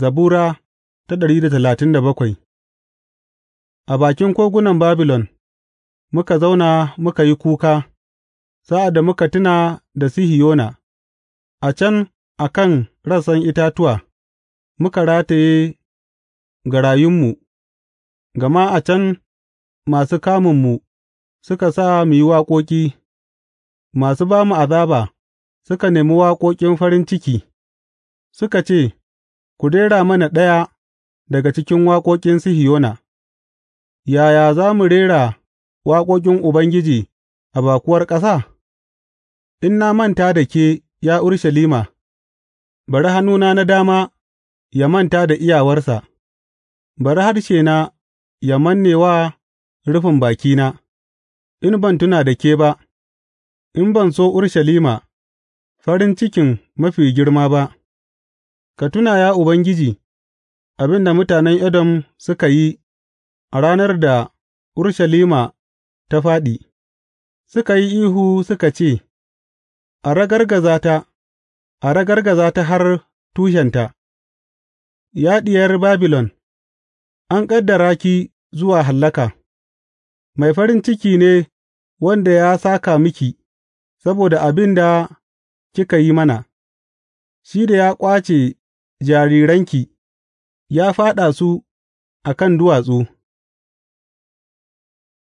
Zabura ta ɗari da talatin da bakwai A bakin kogunan Babilon muka zauna muka yi kuka sa'ad da muka tuna da Sihiyona, a can a kan rassan itatuwa muka rataye garayunmu, gama a can masu kamunmu suka sa mu yi waƙoƙi, masu ba mu azaba suka nemi waƙoƙin farin ciki, suka ce. Ku rera mana ɗaya daga cikin waƙoƙin Sihiyona; yaya za mu rera waƙoƙin Ubangiji a bakuwar ƙasa? In na manta da ke, ya Urushalima, bari hannuna na dama ya manta da iyawarsa; bari harshena ya manne wa rufin bakina, in ban tuna da ke ba, in ban so Urushalima, farin cikin mafi girma ba. Ka tuna, ya Ubangiji, abin da mutanen Edom suka yi a ranar da Urushalima ta fāɗi; suka yi ihu suka ce, A ragargaza ta, a ragargaza ta har tushenta, Ya Diyar Babilon, an ƙaddara ki zuwa hallaka; mai farin ciki ne wanda ya saka miki saboda abin da kika yi mana, shi da ya ƙwace jariranki, ya fyaɗa su a kan duwatsu.